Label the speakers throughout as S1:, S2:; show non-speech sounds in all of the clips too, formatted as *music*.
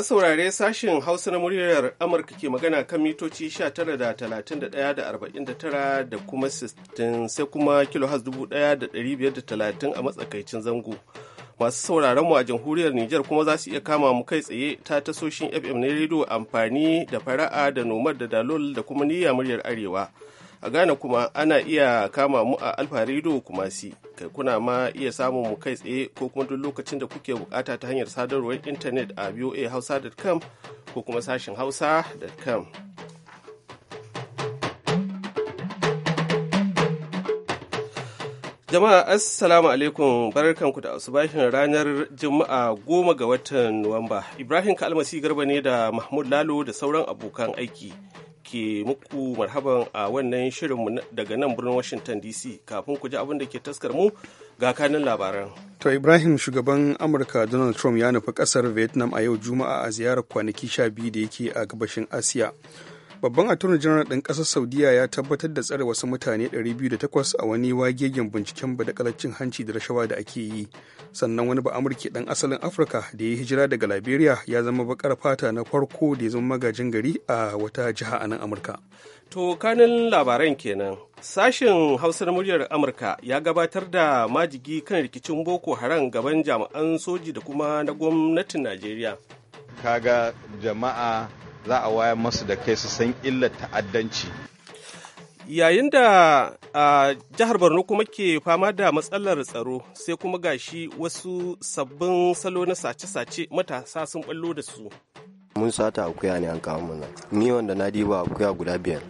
S1: Masu saurare sashen Hausa na muryar Amurka ke magana kan mitoci 19 da da kuma 60 sai kuma kilohaz 1530 a matsakaicin zango. Masu sauraron mu a jamhuriyar Nijar kuma za su iya kama mu kai tsaye ta tasoshin FM na rediyo amfani da fara'a da nomar da dalol da kuma niyya muryar Arewa. a ghana kuma ana iya kama mu a alfarido kuma si kai kuna ma iya samun mu kai tsaye ko kuma duk lokacin da kuke bukata ta hanyar sadarwar intanet a voahausa.com ko kuma sashin hausa.com jama'a assalamu alaikum barkanku da asubahin ranar juma'a goma ga watan nuwamba ibrahim kalmasi garba ne da mahmud lalo da sauran abokan aiki ke muku marhaban a wannan shirinmu daga nan birnin Washington DC kafin ku ji abin da ke taskar mu ga kanin labaran.
S2: To Ibrahim shugaban Amurka Donald Trump ya nufi kasar Vietnam a yau Juma'a a ziyarar kwanaki 12 da yake a gabashin Asiya. babban attorney general ɗin ƙasar saudiya ya tabbatar da tsare wasu mutane 208 a wani wagegen binciken badakalar hanci da rashawa da ake yi sannan wani ba amurke ɗan asalin afirka da ya hijira daga liberia ya zama bakar fata na farko da ya zama magajin gari a wata jiha a nan amurka
S1: to kanin labaran kenan sashen Hausar muryar amurka ya gabatar da majigi kan rikicin boko haram gaban jami'an soji da kuma na gwamnatin najeriya kaga jama'a za a wayar masu da kai su san illar ta'addanci yayin da a jihar borno kuma ke fama da matsalar tsaro sai kuma gashi wasu sabbin salo na sace-sace matasa sun ballo da su
S3: mun sata akuya ne an kawo mana ni wanda na diba akuya guda biyar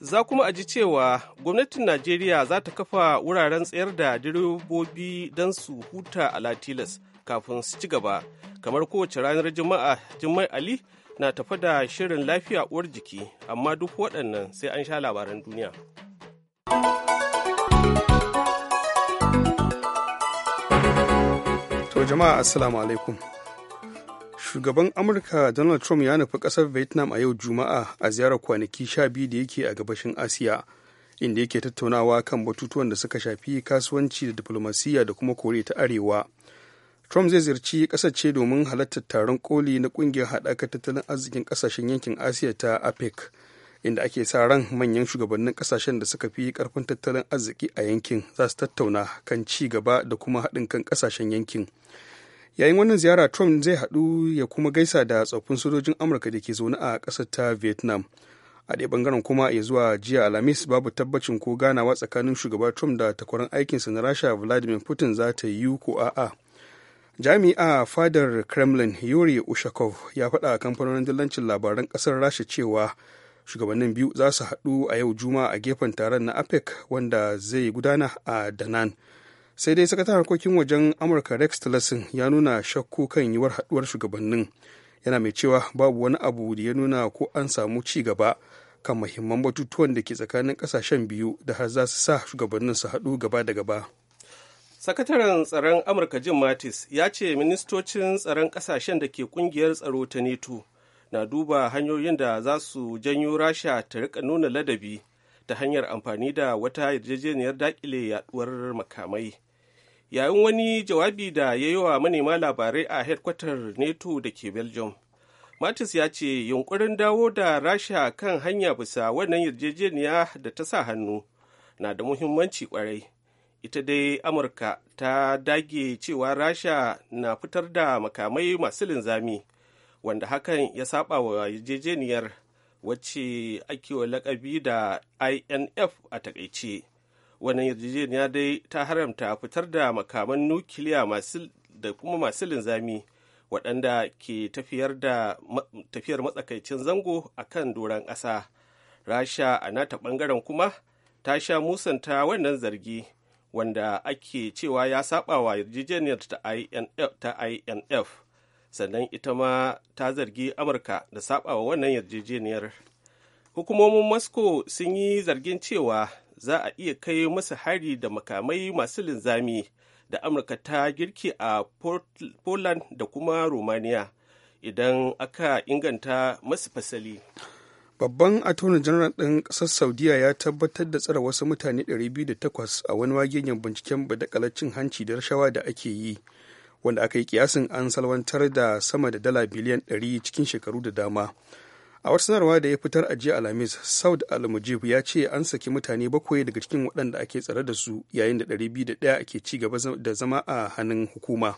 S1: za kuma a ji cewa gwamnatin najeriya za ta kafa wuraren tsayar da direbobi don su huta a latilas kafin su ci gaba kamar kowace ranar juma'a jummai ali na tafi da shirin lafiya uwar jiki amma duk waɗannan sai an sha labaran duniya.
S2: To jama'a assalamu alaikum. Shugaban Amurka Donald Trump ya nufi ƙasar Vietnam a yau Juma'a a ziyarar kwanaki sha biyu da yake a gabashin Asiya, inda yake tattaunawa kan batutuwan da suka shafi kasuwanci da diflomasiyya da kuma kore ta Arewa. Trump zai ziyarci ƙasar ce domin halartar taron koli na ƙungiyar haɗakar tattalin arzikin ƙasashen yankin Asiya ta APEC, inda ake sa ran manyan shugabannin ƙasashen da suka fi karfin tattalin arziki a yankin za su tattauna kan ci gaba da kuma haɗin kan kasashen yankin. Yayin wannan ziyara Trump zai haɗu ya kuma gaisa da tsoffin sojojin Amurka da ke zaune a ƙasar ta Vietnam. A ɗaya ɓangaren kuma ya zuwa jiya Alhamis babu tabbacin ko ganawa tsakanin shugaba Trump da takwaran aikinsa na Rasha Vladimir Putin za ta yi ko a'a. jami'a fadar kremlin yuri ushakov ya faɗa a kamfanonin dillancin labaran ƙasar rasha cewa shugabannin biyu za su haɗu a yau juma'a a gefen taron na apec wanda zai gudana a danan sai dai sakataren harkokin wajen amurka rex tillerson ya nuna shakku kan yiwuwar haɗuwar shugabannin yana mai cewa babu wani abu da ya nuna ko an samu ci gaba kan mahimman batutuwan da ke tsakanin ƙasashen biyu da har za su sa shugabannin su haɗu gaba da gaba
S1: sakataren tsaron amurka jim mattis ya ce ministocin tsaron kasashen da ke kungiyar tsaro ta neto na duba hanyoyin da za su janyo rasha ta rika nuna ladabi ta hanyar amfani da wata yarjejeniyar dakile yaduwar makamai yayin wani jawabi da ya yi wa manema labarai a hedkwatar neto da ke belgium Mattis ya ce yunkurin dawo da rasha kan hanya bisa wannan yarjejeniya da ta sa hannu na da muhimmanci kwarai ita dai amurka ta dage cewa rasha na fitar da makamai masu linzami wanda hakan ya saba wa yarjejeniyar wacce ake wa lakabi da inf a takaice wannan yarjejeniya dai ta haramta fitar da makaman nukiliya da kuma masu linzami waɗanda ke tafiyar matsakaicin zango a kan doron ƙasa rasha a nata ɓangaren kuma ta sha musanta wannan zargi wanda ake cewa ya saba wa yarjejeniyar ta inf sannan ita ma ta zargi amurka da saba wa wannan yarjejeniyar hukumomin moscow sun yi zargin cewa za a iya kai masu hari da makamai masu linzami da amurka ta girki a poland da kuma romania idan aka inganta masu fasali
S2: babban attorney general ɗin ƙasar saudiya ya tabbatar da tsare wasu mutane 208 a wani wagegen binciken badakalar cin hanci da rashawa da ake yi wanda aka yi kiyasin an salwantar da sama da dala biliyan 100 cikin shekaru da dama a wata sanarwa da ya fitar a jiya alhamis saud al ya ce an saki mutane bakwai daga cikin waɗanda ake tsare da su yayin da 201 ake ci gaba da zama a hannun hukuma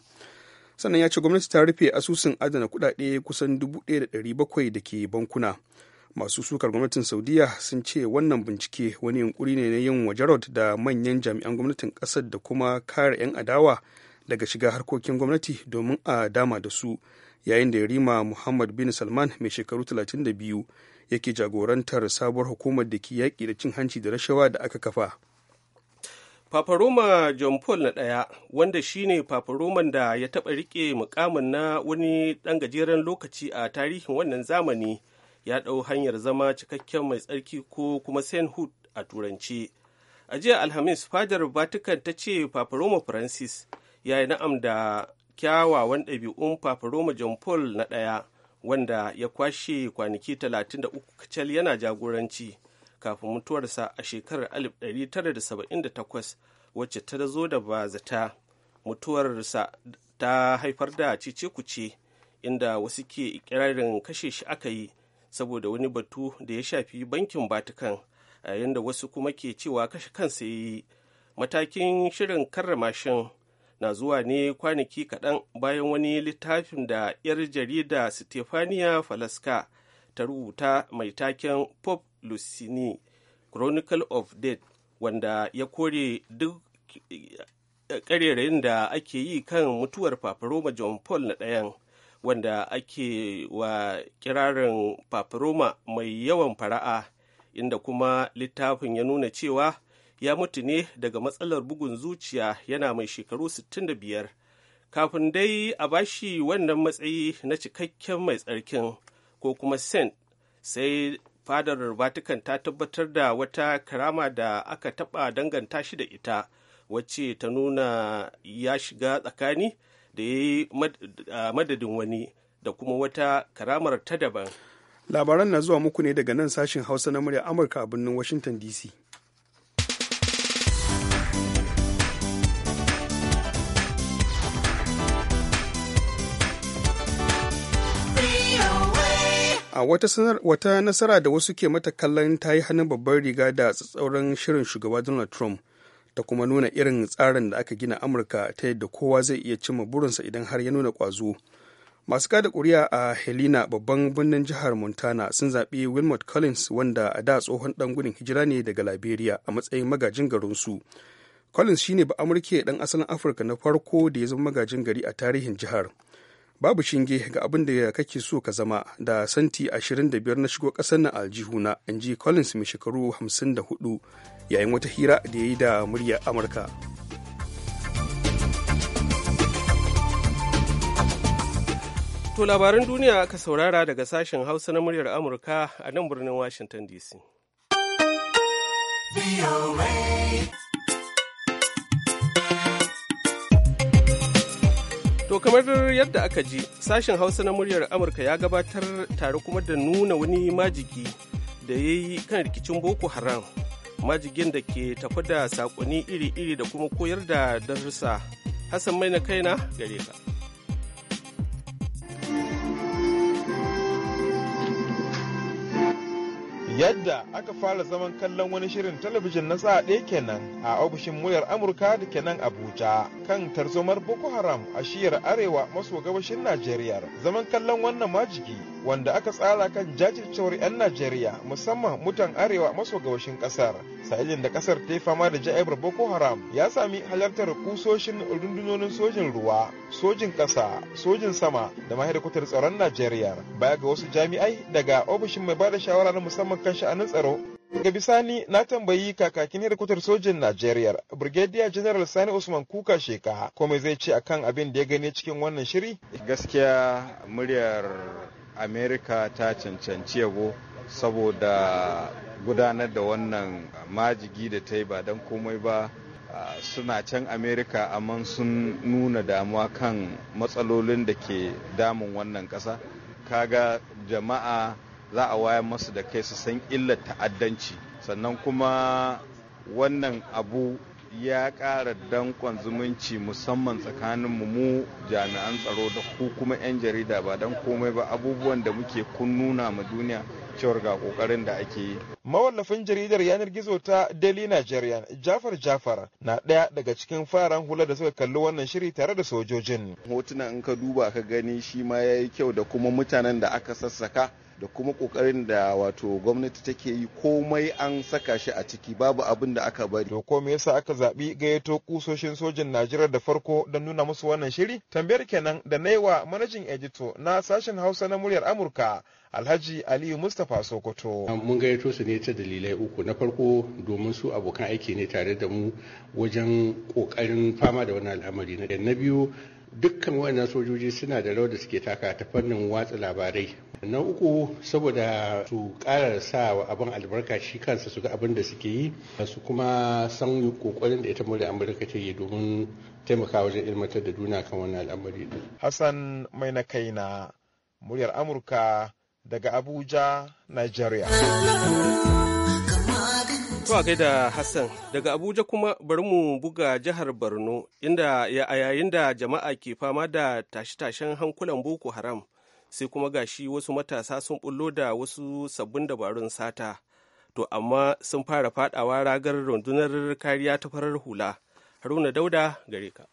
S2: sannan ya ce gwamnati ta rufe asusun adana kuɗaɗe kusan 1,700 da ke bankuna masu sukar gwamnatin saudiya sun ce wannan bincike wani yunkuri ne na yin jarod da manyan jami'an gwamnatin kasar da kuma kare 'yan adawa daga shiga harkokin gwamnati domin a dama da su yayin da rima muhammad bin salman mai shekaru 32 yake jagorantar sabuwar hukumar da ke yaƙi da cin hanci da rashawa da aka kafa
S1: Paparoma John Paul na ɗaya wanda shine Paparoman da ya taɓa riƙe mukamin na wani ɗan gajeren lokaci a tarihin wannan zamani ya ɗau hanyar zama cikakken mai tsarki ko kuma sainthood a turanci a jiya alhamis fadar vatican ta ce paparoma francis ya yi na'am da kyawawan ɗabi'un paparoma john paul na ɗaya wanda ya kwashe kwanaki 33 kacal yana jagoranci kafin mutuwarsa a shekarar 1978 wacce ta zo da ba zata mutuwarsa ta haifar da cece kuce inda wasu ke ikirarin kashe shi aka yi saboda wani batu da ya shafi bankin batukan a yayin da wasu kuma ke cewa kashe kansa ya yi matakin shirin karramashin na zuwa ne kwanaki kaɗan bayan wani littafin da 'yar jarida stefania falaska ta rubuta mai taken pop lucini chronicle of death wanda ya kore duk eh, ƙarerayin da ake yi kan mutuwar paparoma john paul na ɗayan wanda ake wa kirarin papiroma mai yawan fara'a inda kuma littafin ya nuna cewa ya mutu ne daga matsalar bugun zuciya yana mai shekaru 65 kafin dai a bashi wannan matsayi na cikakken mai tsarkin ko kuma saint sai fadar vatican ta tabbatar da wata karama da aka taɓa danganta shi da ita wacce ta nuna ya shiga tsakani da ya yi madadin wani da kuma wata karamar ta daban
S2: labaran na zuwa muku ne daga nan sashen hausa na murya amurka a birnin washington dc a wata nasara da wasu ke mata kallon ta yi hannun babbar riga da tsatsauran shirin shugaba donald trump ta kuma nuna irin tsarin da aka gina amurka ta yadda kowa zai iya cimma burinsa idan har ya nuna kwazo masu kada kuri'a a helena babban birnin jihar montana sun zaɓi wilmot collins wanda a da tsohon ɗan gudun hijira ne daga liberia a matsayin magajin garinsu collins shine ba amurke ɗan asalin afirka na farko da ya zama magajin gari a tarihin jihar babu shinge ga abin da kake so ka zama da santi 25 na shigo ƙasar na aljihuna in ji collins mai shekaru 54 yayin wata hira da ya yi da murya amurka
S1: To labaran duniya aka saurara daga sashen Hausa na muryar Amurka a nan birnin Washington DC. To kamar yadda aka ji, sashen Hausa na muryar Amurka ya gabatar tare kuma da nuna wani majiki da ya yi kan rikicin Boko Haram majigin da ke tafi da sakonni iri-iri da kuma koyar da darussa hassan mai na kaina gare ka
S4: yadda aka fara zaman kallon wani shirin talabijin na sa ɗaya kenan a ofishin muryar amurka da kenan abuja kan tarzomar boko haram a shiyar arewa maso gabashin najeriya zaman kallon wannan majigi wanda aka tsara kan jajircewar 'yan Najeriya musamman mutan arewa maso gabashin kasar. Sa'ilin da kasar ta yi fama da ja'ibar Boko Haram ya sami halartar kusoshin rundunonin sojin ruwa, sojin kasa, sojin sama da mahaikatar tsaron Najeriya. Baya ga wasu jami'ai daga ofishin mai bada shawara na musamman kan sha'anin tsaro Daga bisani na tambayi kakakin hedikwatar sojin Najeriya, Brigadier General Sani Usman Kuka Sheka, kome zai ce akan abin da ya gani cikin wannan shiri? Gaskiya muryar amerika ta cancanci yabo saboda gudanar da wannan majigi da ta yi ba don komai ba suna can amerika amma sun nuna damuwa kan matsalolin da ke damun wannan ƙasa kaga jama'a za a wayar masu da kai su san illar ta'addanci sannan kuma wannan abu ya ƙara dankon zumunci musamman tsakanin mu jami'an tsaro da ku kuma 'yan jarida ba don komai ba abubuwan da muke kun nuna ma duniya cewar ga kokarin da ake yi. Mawallafin jaridar yanar gizo ta Daily Nigerian, Jafar Jafar, na ɗaya daga cikin faran hula da suka kalli wannan shiri tare da sojojin. Hotuna in ka duba ka gani shi ma ya yi kyau da kuma mutanen da aka sassaka da kuma kokarin da wato gwamnati take yi komai an saka shi a ciki babu abin da aka bari. To ko me yasa aka zaɓi gayyato kusoshin sojin Najeriya da farko don nuna musu wannan shiri? Tambayar kenan da na yi wa manajin edito na sashen Hausa na muryar Amurka alhaji aliyu mustapha sokoto
S2: mun gayyato su ne ta dalilai uku na farko domin su abokan aiki ne tare da mu wajen kokarin fama da wani al'amari na biyu dukkan wannan sojoji suna da rawar da suke taka ta fannin watsa labarai na uku saboda su ƙara sa wa abin albarka shi kansa su ga abin da suke yi su kuma san kokarin da ita murya amurka ta yi domin taimaka wajen ilmantar da duniya kan wannan al'amari
S4: hassan mai na kai na muryar amurka daga Abuja,
S1: Nigeria. Zuwa da Hassan daga Abuja kuma bari mu buga jihar Borno inda a yayin da jama'a ke fama da tashe-tashen hankulan Boko Haram sai kuma gashi wasu matasa sun bullo da wasu sabbin dabarun sata. To amma sun fara fadawa ragar rundunar kariya ta farar hula. Haruna Dauda gare ka.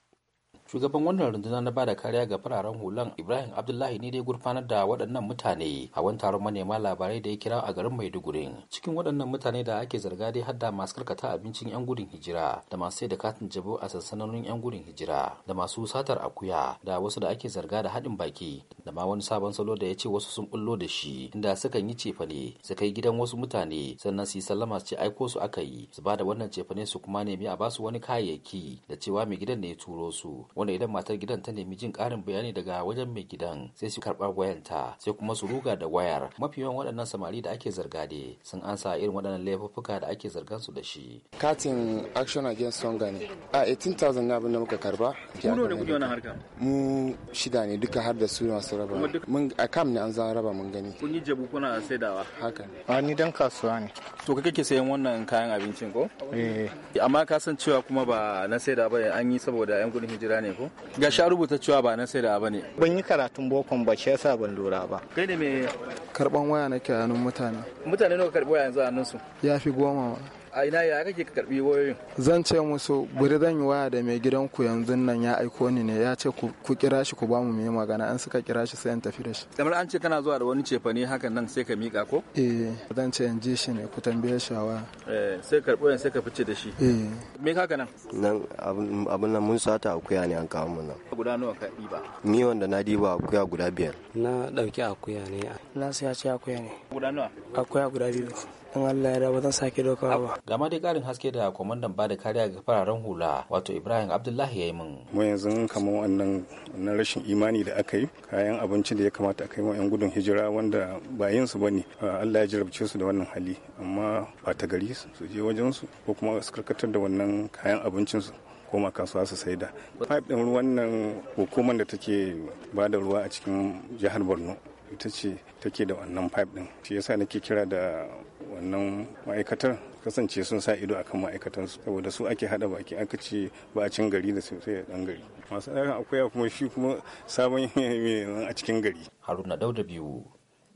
S1: shugaban wannan runduna na bada kariya
S5: ga fararen hulan ibrahim abdullahi ne dai gurfanar da waɗannan mutane a wani taron manema labarai da ya kira a garin maiduguri cikin waɗannan mutane da ake zarga dai hadda masu karkata abincin yan gudun hijira da masu sai da katin jabo a sansanonin yan gudun hijira da masu satar akuya da wasu da ake zarga da haɗin baki da ma wani sabon salo da ya ce wasu sun bullo da shi inda sukan yi cefane su kai gidan wasu mutane sannan su yi sallama su ce aiko su aka yi su ba da wannan cefane su kuma nemi a basu wani kayayyaki da cewa mai gidan ne ya turo su wanda idan matar gidan ta nemi jin ƙarin bayani daga wajen mai gidan sai su karba wayanta sai kuma su ruga da wayar mafi yawan waɗannan samari da ake zarga ne sun ansa irin waɗannan laifuffuka da ake zargan su da shi.
S6: Katin Action Against Songa ne. A 18,000 na abin da muka karba. Kuno da kuke wani harka? Mu shida ne duka har da su masu raba. Mun a kam ne an za raba mun gani.
S5: Kun yi jabu kuna saidawa. Haka A ni dan kasuwa ne. To kake sayan wannan kayan abincin ko? Eh. Amma ka san cewa kuma ba na saida ba an yi saboda 'yan gudun hijira ne. ne ko ga sha rubuta cewa ba na sai
S1: da ba ne ban yi karatun bokon ba shi yasa ban lura ba kai ne me karban waya nake hannun mutane
S5: mutane nawa karbi waya yanzu a hannun su
S4: ya fi goma ma
S5: a ina ya kake karbi wayoyin
S4: zan ce musu bari zan yi waya da mai gidan ku yanzu nan ya aiko ni ne ya ce ku kira shi ku ba mu mai magana an suka kira shi sai an tafi da shi
S5: kamar an ce kana zuwa da wani cefane hakan nan sai ka mika ko
S4: eh zan ce in ji shi ne ku tambaye shi wa
S5: eh sai karbo yan sai ka fice da shi eh me haka nan nan abun nan mun sata akuya ne an kawo mun nan guda nawa ka diba
S3: ni wanda na diba akuya guda biyar
S5: na dauki akuya ne
S7: na sai ya ce akuya ne guda nawa akuya guda biyu in Allah ya raba zan sake dokawa ba
S5: gama dai karin haske da kwamandan ba da kariya ga fararen hula wato ibrahim abdullahi ya yi min
S7: mu yanzu kamar wannan na rashin
S8: imani da aka yi kayan abinci da ya kamata aka yi wa yan gudun hijira wanda ba yin su bane Allah ya jarabce su da wannan hali amma ba ta gari su je wajen su ko kuma su karkatar da wannan kayan abincin su koma kasuwa su saida pipe
S9: din ruwan nan
S8: hukumar da take ba da ruwa a cikin jihar borno ita ce take da wannan pipe din shi yasa nake kira da wannan ma'aikatar kasance sun sa ido akan ma'aikatan su saboda su ake hada baki aka ce ba a cin gari da sosai dan gari
S5: masu ɗaga akwai kuma shi kuma sabon *laughs* a cikin gari haruna dauda biyu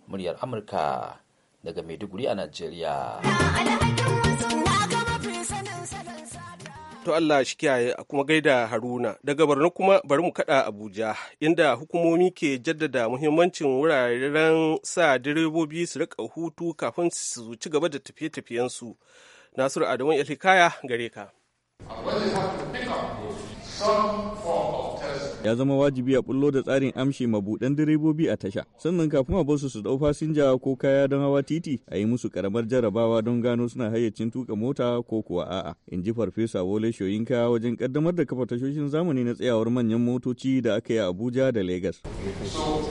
S5: muryar amurka
S1: daga maiduguri a najeriya To Allah shi kiyaye a kuma gaida Haruna. Daga Borno kuma bari mu kada Abuja inda hukumomi ke jaddada muhimmancin wuraren sa direbobi su rika hutu kafin su ci gaba da tafiye tafiyen su, Nasiru Adamu Alhikaya gare ka.
S10: Some
S9: ya zama wajibi a bullo da tsarin amshi mabuɗan direbobi a tasha sannan kafin a basu su dau fasinja ko kaya don hawa titi a yi musu karamar jarabawa don gano suna hayyacin tuka mota ko kuwa a'a in ji farfesa wole shoyinka wajen kaddamar da kafa tashoshin zamani na tsayawar manyan motoci da aka yi abuja da lagos so,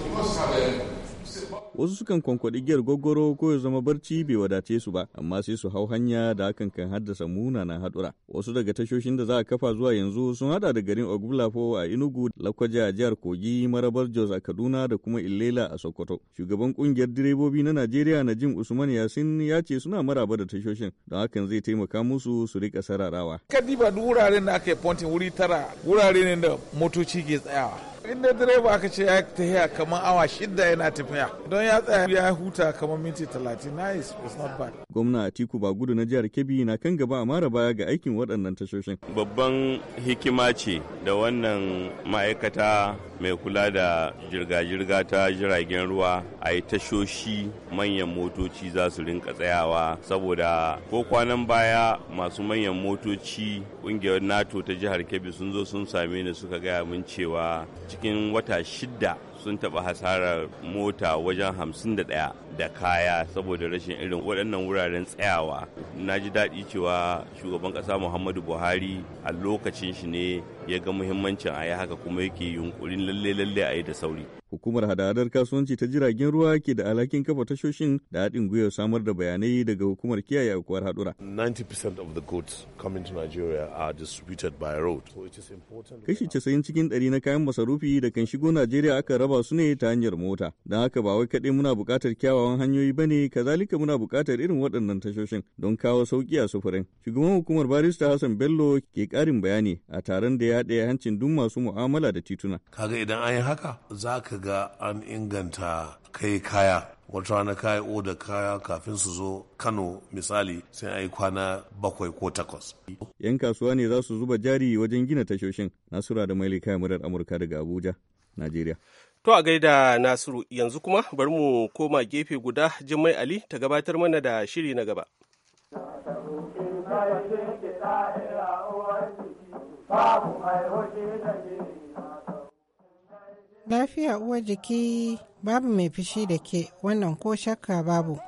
S9: wasu sukan kwankwaɗi giyar gwaggwaro ko ya zama barci bai wadace su ba amma sai su hau hanya da hakan kan haddasa na hadura. wasu daga tashoshin da za a kafa zuwa yanzu sun hada da garin Ogbulafo a inugu Lakwaja a jihar Kogi Marabar Jos a Kaduna da kuma Ilela a Sokoto shugaban kungiyar direbobi na Najeriya Najim Usman Yasin ya ce suna maraba da tashoshin don hakan zai taimaka musu su rika sararawa
S1: ba duk wuraren da aka yi pontin wuri tara
S9: wurare ne da motoci ke tsayawa
S1: inda da direba aka ce ya tafiya kamar awa shidda yana tafiya don ya tsaya ya huta kamar minti talatin
S4: nice it's not bad
S9: Gwamna tiku ba gudu na jihar Kebbi na kan gaba a mara baya ga aikin waɗannan tashoshin. Babban hikima ce da wannan ma'aikata mai kula da jirga-jirga ta jiragen ruwa a yi tashoshi manyan motoci za su rinka tsayawa saboda ko kwanan baya masu manyan motoci ƙungiyar NATO ta jihar Kebbi sun zo sun same ni suka gaya min cewa cikin wata shidda sun taɓa hasarar mota wajen hamsin da ɗaya da kaya saboda rashin irin waɗannan wuraren tsayawa na ji daɗi cewa shugaban ƙasa muhammadu buhari a lokacin shi ne ya ga muhimmancin a yi haka kuma yake yunkurin lalle lalle a yi da sauri. Hukumar hadadar kasuwanci ta jiragen ruwa ke da alhakin kafa tashoshin da haɗin gwiwar samar da bayanai daga hukumar kiyaye aukuwar haɗura. 90% of the goods coming to Nigeria are distributed by road. Kashi 90 cikin ɗari na kayan masarufi da kan shigo Najeriya aka raba su ne ta hanyar mota. Don haka ba wai kaɗai muna buƙatar kyawawan hanyoyi ba ne, kazalika muna buƙatar irin waɗannan tashoshin don kawo sauƙi a sufurin. Shugaban hukumar barista Hassan Bello ke ƙarin bayani a taron da ya ɗaya hancin duk masu mu'amala da tituna.
S8: Kaga idan an yi haka za ka ga an inganta kai kaya wata rana yi oda kaya kafin su zo kano misali sai a yi kwana bakwai ko takwas.
S9: yan kasuwa ne za su zuba jari wajen gina tashoshin nasura da maili Kaya murar amurka daga abuja najeriya
S1: to a gaida nasiru yanzu kuma bari mu koma gefe guda jimmai ali ta gabatar mana da shiri na gaba.
S11: Lafiya uwar jiki babu mai fushi da ke wannan ko shakka babu.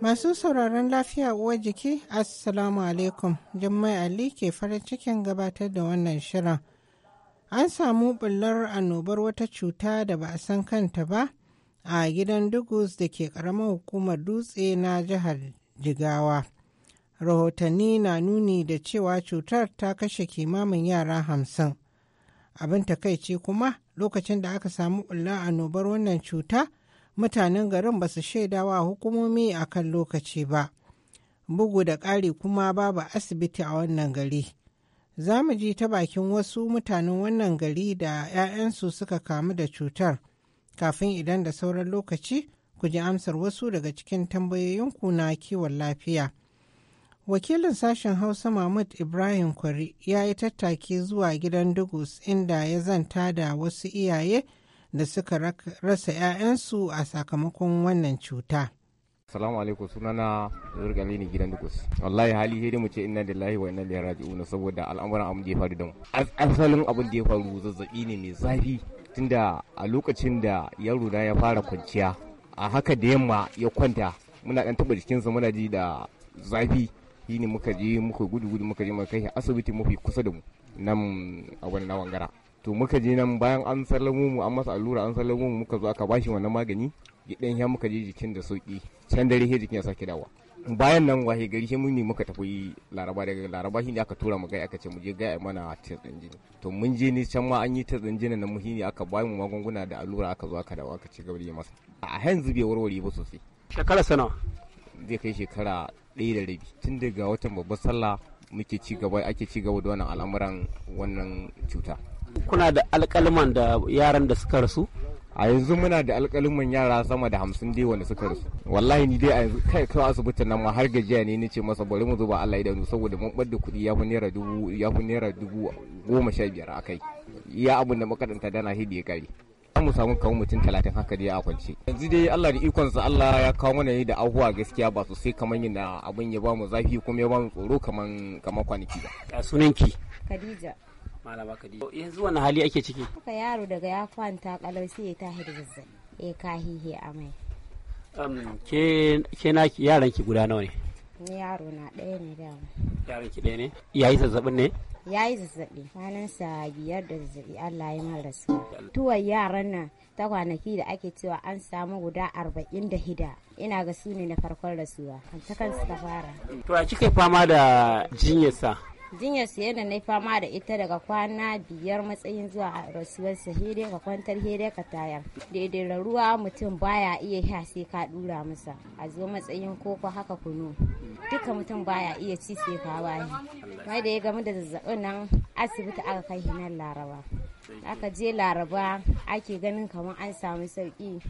S11: Masu sauraron lafiya uwar jiki, Assalamu alaikum, Jummai Ali ke farin cikin gabatar da wannan shirin. an samu bullar annobar wata cuta da ba a san kanta ba a gidan dugus da ke ƙaramar hukumar dutse na jihar jigawa rahotanni na nuni da cewa cutar ta kashe kimamin yara hamsin abin takaici kuma lokacin da aka samu bullar annobar wannan cuta mutanen garin ba su shaidawa hukumomi a kan lokaci ba bugu da ƙari kuma babu asibiti a wannan gari za mu ji ta bakin wasu mutanen wannan gari da 'ya'yansu suka kamu da cutar kafin idan da sauran lokaci ku ji amsar wasu daga cikin tambayoyinku na kiwon lafiya. Wakilin sashen Hausa Mahmud Ibrahim Kwari ya yi tattaki zuwa gidan Dugus inda ya zanta da wasu iyaye da suka rasa 'ya'yansu a sakamakon wannan cuta.
S6: Salamu alaikum sunana Zurga Lini gidan Dukus. Wallahi hali sai dai mu ce inna lillahi wa inna ilaihi raji'un saboda al'amuran abin da ya faru da mu. Asalin abin da ya faru zazzabi ne mai zafi tunda a lokacin da yaro na ya fara kwanciya a haka da yamma ya kwanta muna dan taba jikinsa muna ji da zafi shine muka je muka gudu gudu muka je muka kai asibiti mafi kusa da mu nan a wani wangara. to muka je nan bayan an sallamo mu an masa allura an sallamo mu muka zo aka bashi wannan magani gidan ya muka je jikin da sauki can dare he jikin ya sake dawa bayan nan wahe gari shi muni muka tafi laraba daga laraba shi ne aka tura mu gai aka ce mu je gai mana tsatsin jini to mun je ne can ma an yi tsatsin jini na muhimmi aka bayan mu magunguna da allura aka zo aka dawo aka ci gabar yi masa a yanzu bai warware ba sosai shekara sana zai kai shekara ɗaya da rabi tun daga watan babbar sallah muke ci gaba ake ci gaba da wannan al'amuran wannan cuta kuna da alƙalman da yaran da suka rasu a yanzu muna da alƙalumin yara sama da hamsin dai wanda suka rasu wallahi ni dai a yanzu kai kawai asibitin nan ma har gajiya ne ni ce masa bari mu zuba Allah idanu saboda mun ɓadda kuɗi ya fi naira dubu ya fi naira dubu goma sha biyar a kai ya abin da makaranta dana hidi ya kare an mu samu kawo mutum talatin haka dai a kwance yanzu dai Allah da ikonsa Allah ya kawo mana da ahuwa gaskiya ba sosai kamar yana abin ya ba mu zafi kuma ya ba mu tsoro kamar kamar kwanaki ba sunanki
S12: Khadija malama yanzu wani hali ake ciki haka yaro daga ya kwanta kalau sai ya tahi da zazzabi eh kahihi amai
S10: ke ke na yaran ki guda nawa ne
S12: yaro na ɗaya ne da
S10: yaran ki ɗaya ne yayi zazzabin ne
S12: yayi zazzabi kwanan sa biyar da zazzabi Allah ya mara su tuwon yaran nan ta kwanaki da ake cewa an samu guda arba'in da hida ina ga su ne na farkon rasuwa kan ta kansu ta fara to a kika
S10: fama da jinyarsa
S12: jinyar siye da na fama da ita daga kwana biyar matsayin zuwa rasuwar sa hede ka kwantar hede ka tayar daidai da ruwa mutum baya iya sha sai ka dura masa a zo matsayin koko haka kunu duka mutum baya iya ci sai ka bayi mai da ya gamu da zazzabin nan asibiti aka kai hinan laraba aka je laraba ake ganin kamar an samu sauki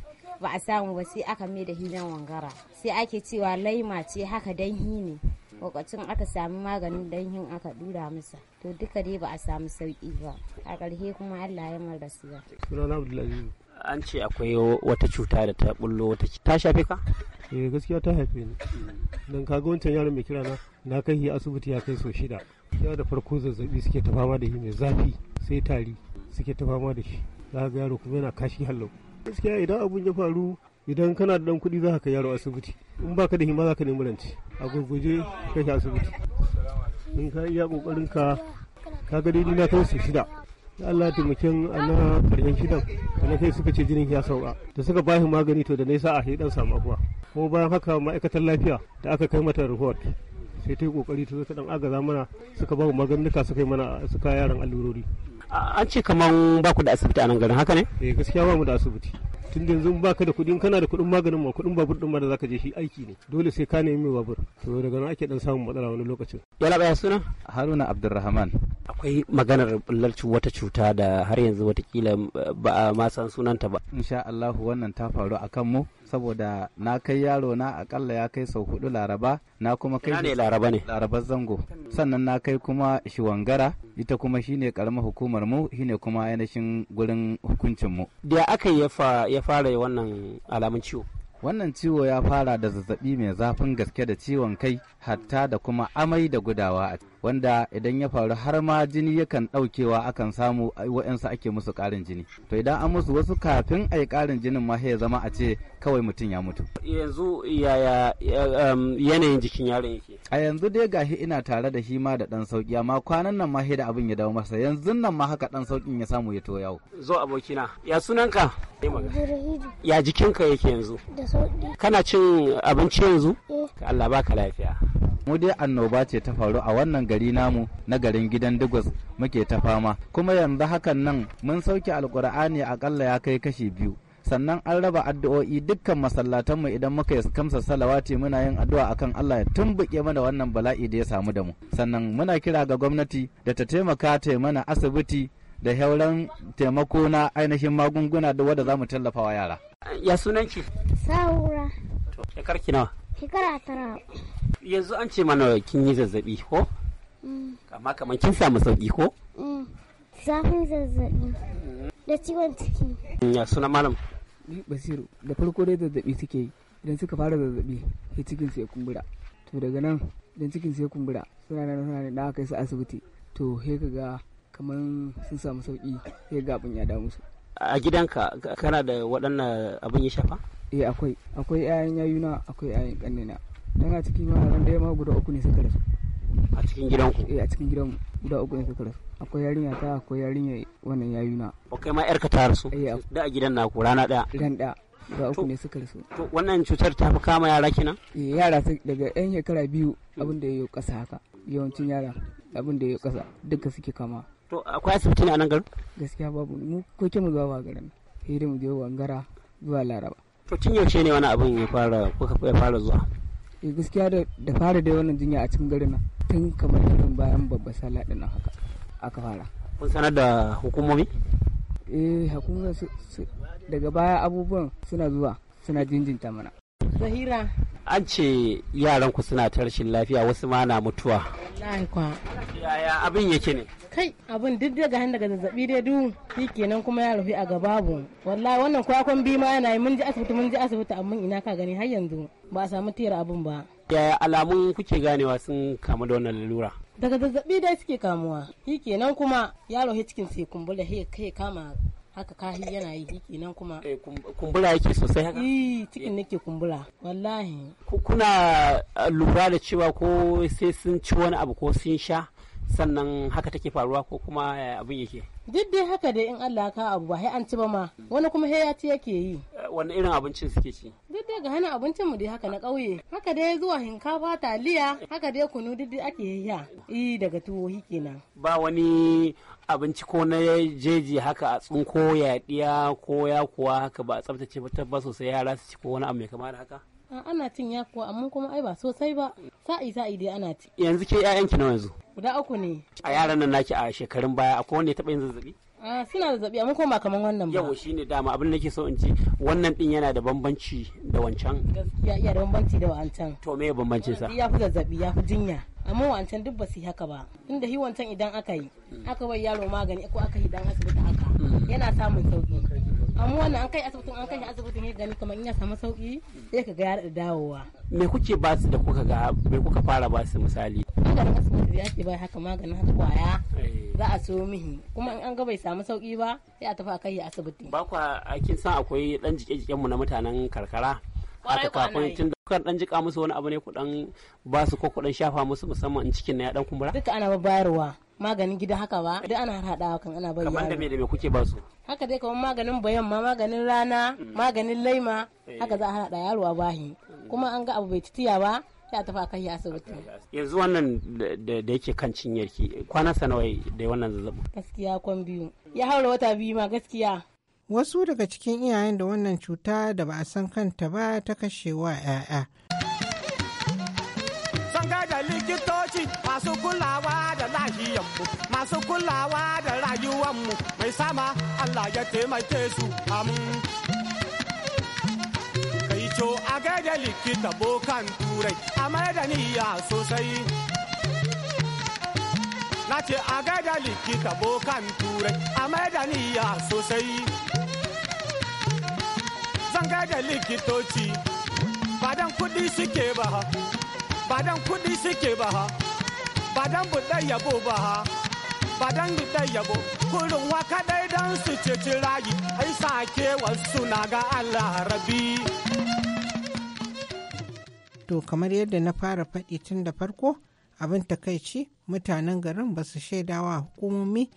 S12: ba a samu ba sai aka mai da hinan wangara sai ake cewa laima ce haka dan ne. lokacin aka samu maganin danhin aka dura masa to duka dai ba a samu sauki ba a ƙarshe kuma allah ya mara rasuwa
S10: an ce akwai wata cuta da ta bullo wata ta shafe ka eh gaskiya ta haife ni dan kaga wancan yaron mai kira na
S8: na kai asibiti ya kai so shida ya da farko zazzabi suke ta fama da shi mai zafi sai tari suke ta fama da shi za ga yaro kuma yana kashi hallo gaskiya idan abun ya faru idan kana da dan kuɗi za ka yaro asibiti in baka da hima za ka nemi rance a gurguje kai shi asibiti in ka iya kokarin ka ka ga daidai na ta su shida da Allah taimakin a na karshen shidan da na kai suka ce jinin ya sauka da suka ba shi magani to da na sa a shi dan samu abuwa kuma bayan haka ma'aikatar lafiya da aka kai mata report sai ta yi kokari ta zo ta dan agaza mana suka ba mu maganuka suka yi mana suka yaran allurori
S10: an ce kaman ba ku da asibiti a nan garin haka ne eh gaskiya ba mu da asibiti
S8: tun da yanzu baka da kuɗin kana da kuɗin maganin ma kuɗin babur din ma da zaka je shi aiki ne dole sai ka nemi babur to daga nan ake dan samun matsala wani lokacin
S3: yala labaya suna haruna abdurrahman akwai maganar bullar wata cuta da har yanzu watakila eh, ba a ma san sunanta ba insha Allah wannan ta faru akan mu saboda na kai yaro na akalla ya kai sau hudu laraba na kuma kai ne laraba ne laraba zango sannan na kai kuma shiwangara ita kuma shine karamar hukumar mu shine kuma ainihin gurin hukuncin mu
S10: da aka ya fara wannan
S3: alamun ciwo wannan ciwo ya fara da zazzabi mai zafin gaske da ciwon kai hatta da kuma amai da gudawa a wanda idan ya faru har ma jini yakan ɗaukewa akan samu wa'yansu ake musu ƙarin jini to idan an musu wasu kafin a yi ƙarin jinin ma ya zama a ce kawai mutum ya mutu
S10: yanzu yaya um, yanayin jikin yaron yake a yanzu
S3: dai gashi ina tare da shi ma da ɗan sauki amma kwanan nan ma da abin ya dawo masa yanzu nan ma haka ɗan saukin ya samu ya to yawo
S10: zo abokina
S3: ya sunanka ya jikinka yake yanzu
S10: da sauki kana
S3: cin abinci yanzu eh. Allah baka lafiya mu dai annoba ce ta faru a wannan gari namu na garin gidan Dugwas muke ta fama. Kuma yanzu hakan nan mun sauke alkur'ani akalla ya kai kashi biyu. sannan an raba addu'o'i dukkan masallatanmu idan muka yi kamsa salawati muna yin addu'a akan Allah ya tumbuke mana wannan bala'i da ya samu da mu sannan muna kira ga gwamnati da ta taimaka ta mana asibiti da hauran taimako na ainihin magunguna da wadda za mu tallafa wa yara
S10: ya sunanki
S12: saura shekar nawa shekara tara
S10: yanzu an ce mana kin yi zazzabi ko amma kamar kin samu sauki ko
S12: mm. zafin zazzabi da ciwon ciki
S10: mm, ya suna malam
S7: basiru da farko dai zazzabi suke yi idan suka fara zazzabi sai cikin su ya kumbura to daga nan idan cikin su ya kumbura suna nan suna nan da aka kai su asibiti to sai ga kamar sun samu sauki sai abin ya damu su
S10: a gidanka kana da waɗannan abin ya shafa?
S7: eh akwai akwai 'ya'yan yayuna akwai 'ya'yan ƙannena. tana a ciki ma ran da ma guda uku ne suka rasu a cikin gidanku eh a cikin gidanmu guda uku ne suka rasu akwai yarinya ta akwai yarinya wannan na. ok ma ka ta rasu eh da a gidan naku rana daya gidan daya guda uku ne suka rasu to wannan cutar ta fi kama yara kina eh yara daga yan shekara biyu abin da ya kasa haka yawancin yara abin da ya kasa duka suke kama to akwai asibiti ne a nan garin gaskiya babu mu ko ke mu zuwa ba garin sai dai mu je wangara zuwa laraba to tun yaushe ne wani
S10: abin ya fara kuka fara zuwa
S7: eh gaskiya da fara da wannan jinya a cikin garin nan tun kamar irin bayan babba sallah din nan haka aka fara
S10: kun sanar da hukumomi
S7: eh hukumar daga baya abubuwan suna zuwa suna jinjinta mana
S13: zahira
S10: an ce yaran ku suna ta rashin lafiya wasu ma na mutuwa yaya abin yake ne
S13: kai abin duk daga hin daga zazzabi dai du shi kenan kuma ya rufe a gaba bu wallahi wannan kwakwan bi ma yana yi mun ji asibiti mun ji asibiti amma ina ka gani har yanzu ba a samu tera abin ba
S10: yaya alamun kuke ganewa sun kamu da wannan lalura
S13: daga zazzabi dai suke kamuwa shi kenan kuma yaro he cikin sai kumbura he kai kama haka kahi yana yi shi kenan kuma eh, kumbura yake
S10: sosai haka eh
S13: cikin nake kumbura wallahi
S10: kuna lura da cewa ko sai sun ci wani abu ko sun sha sannan haka take faruwa ko kuma eh, abin yake
S13: duk dai haka dai in Allah ka abu ba an ci ba ma wani kuma he ya yake yi
S10: wani irin abincin suke ci
S13: duk dai ga hana abincin mu dai haka na ƙauye haka dai zuwa hinkafa taliya haka dai kunu duk dai ake yayya eh daga tuwo kenan
S10: ba wani abinci ko na jeji haka a tsinko yaɗiya ko ya kuwa haka ba a tsaftace ba tabbas sosai yara su ci ko wani abu mai kama da haka
S13: ana cin ya kuwa amma kuma ai ba sosai ba sa'i sa'i dai ana ci
S10: yanzu ke ƴaƴan ki nawa yanzu
S13: guda uku ne
S10: a yaran nan naki a shekarun baya akwai wanda ya taba yin zazzabi a suna zabi amma kuma ba kaman wannan ba yawa shine dama abin nake so in ci wannan din yana da bambanci da wancan
S13: gaskiya iya da bambanci da wancan
S10: to me bambancin sa ya fi zazzabi
S13: ya fi jinya amma wancan duk ba su haka ba inda shi wancan idan aka yi aka bai yaro magani ko aka yi dan asibiti haka hmm. yana samun sauki amma wannan an kai asibitin an kai asibitin ya gani kamar in ya samu sauki sai ka ga da dawowa
S10: me kuke ba su da kuka ga me kuka fara ba su misali maganin asibiti
S13: da ke ba haka maganin haka kwaya eh. za a so mihi kuma in an ga bai samu sauki ba sai a tafi a kai asibiti
S10: ba kwa kin san akwai dan jike-jiken mu na mutanen karkara
S13: haka kafin tun da
S10: kuka dan jika musu wani abu ne ku dan ba su ko ku dan shafa musu musamman in cikin na ya dan kumbura
S13: duka ana bayarwa maganin gida haka ba duk ana haɗawa kan ana bayyana kamar da
S10: me da me kuke ba su
S13: haka dai kamar maganin bayan ma maganin rana mm. maganin laima eh. haka za a haɗa yaro a bahi mm. kuma an ga abu bai titiya ba ya tafi kai ya asibiti
S10: yanzu wannan da yake kan cinyarki kwana sanawa da wannan zazzabi
S13: gaskiya kwan biyu ya haura wata biyu ma gaskiya
S11: wasu daga cikin iyayen da wannan cuta da ba a san kanta ba ta kashewa 'ya'ya
S13: mun da
S6: likitoci masu kulawa da lahiyanmu masu kulawa da rayuwanmu mai sama Allah ya taimake su am kai co a gaida likita bokan turai a mai da niyya sosai na ce a gaida likita bokan turai a mai da niyya sosai zan da likitoci ba dan kuɗi suke ba ba dan kuɗi suke ba ha ba dan yabo ba ha ba dan buɗar yabo kurin waka dai dan su ceci rayu ai sake wasu na ga Allah rabi
S11: to kamar yadda na fara faɗi tun da farko abin takaici mutanen garin ba su shaidawa hukumomi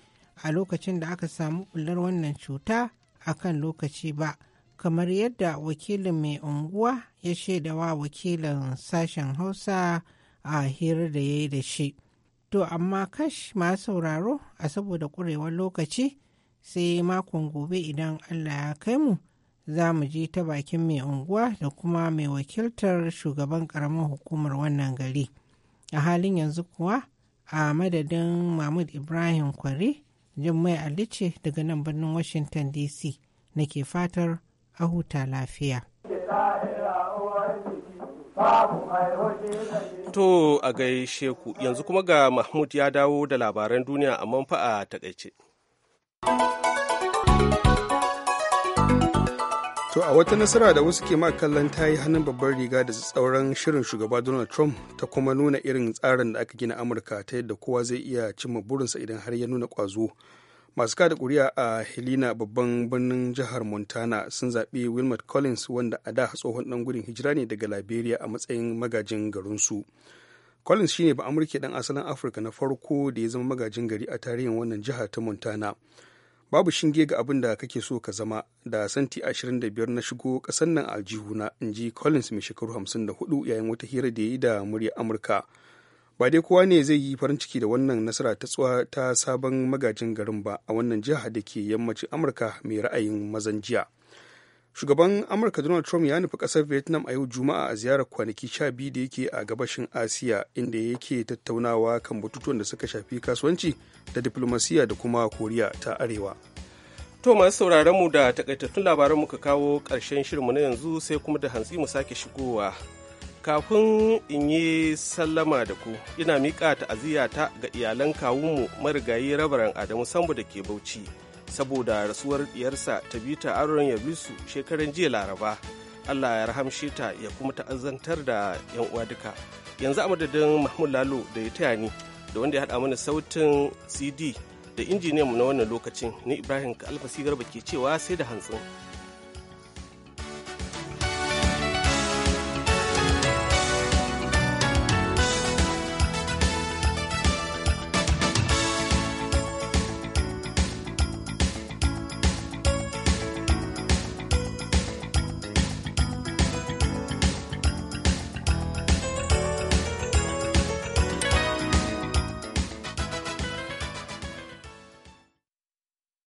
S11: a lokacin da aka samu bullar wannan cuta a kan lokaci ba kamar yadda wakilin mai unguwa ya shaida wa wakilin sashen hausa a hirar da ya yi da shi to amma kash ma sauraro a saboda ƙurewar lokaci sai makon gobe idan allah ya kai mu za mu je ta bakin mai unguwa da kuma mai wakiltar shugaban ƙaramin hukumar wannan gari a halin yanzu kuwa a madadin mahmud ibrahim kwari mai alice daga nan birnin washington dc nake fatar a huta lafiya.
S1: To a gaishe ku yanzu kuma ga Mahmud ya dawo da labaran duniya a manfa a takaice.
S2: To a wata nasara da wasu ke kallon ta yi hannun babbar riga da tsauran shirin shugaba Donald Trump ta kuma nuna irin tsarin da aka gina Amurka ta yadda kowa zai iya cimma burinsa idan har ya nuna ƙwazo. masu kada kuri'a a helena babban birnin jihar montana sun zaɓi wilmot collins wanda a da tsohon ɗan gudun hijira ne daga liberia a matsayin magajin garinsu collins shine ba amurke ɗan asalin afirka na farko da ya zama magajin gari a tarihin wannan jihar ta montana babu shinge ga abin da kake so ka zama da santi 25 na shigo ƙasar nan aljihuna in ji collins mai shekaru 54 yayin wata hira da ya yi da murya amurka ba dai kowa ne zai yi farin ciki da wannan nasara ta tsuwa ta sabon magajin garin ba a wannan jiha da ke yammacin amurka mai ra'ayin mazan jiya shugaban amurka donald trump ya nufi kasar vietnam a yau juma'a a ziyarar kwanaki sha biyu da yake a gabashin asiya inda yake tattaunawa kan batutuwan da suka shafi kasuwanci da diplomasiya da kuma koriya ta arewa
S1: To masu sauraron mu da takaitattun labaran muka kawo ƙarshen mu na yanzu sai kuma da hantsi mu sake shigowa kafin in yi sallama da ku ina miƙa ta'aziyata ga iyalan kawunmu marigayi rabaran adamu sambo da ke bauchi saboda rasuwar diyarsa ta bi ta aron su shekaran jiya laraba allah ya rahamshe ta ya kuma ta'azantar da yan uwa duka yanzu a madadin mahmud lalo da ya taya ni da wanda ya haɗa mana sautin cd da injiniyanmu na wannan lokacin ni ibrahim alfasi garba ke cewa sai da hantsin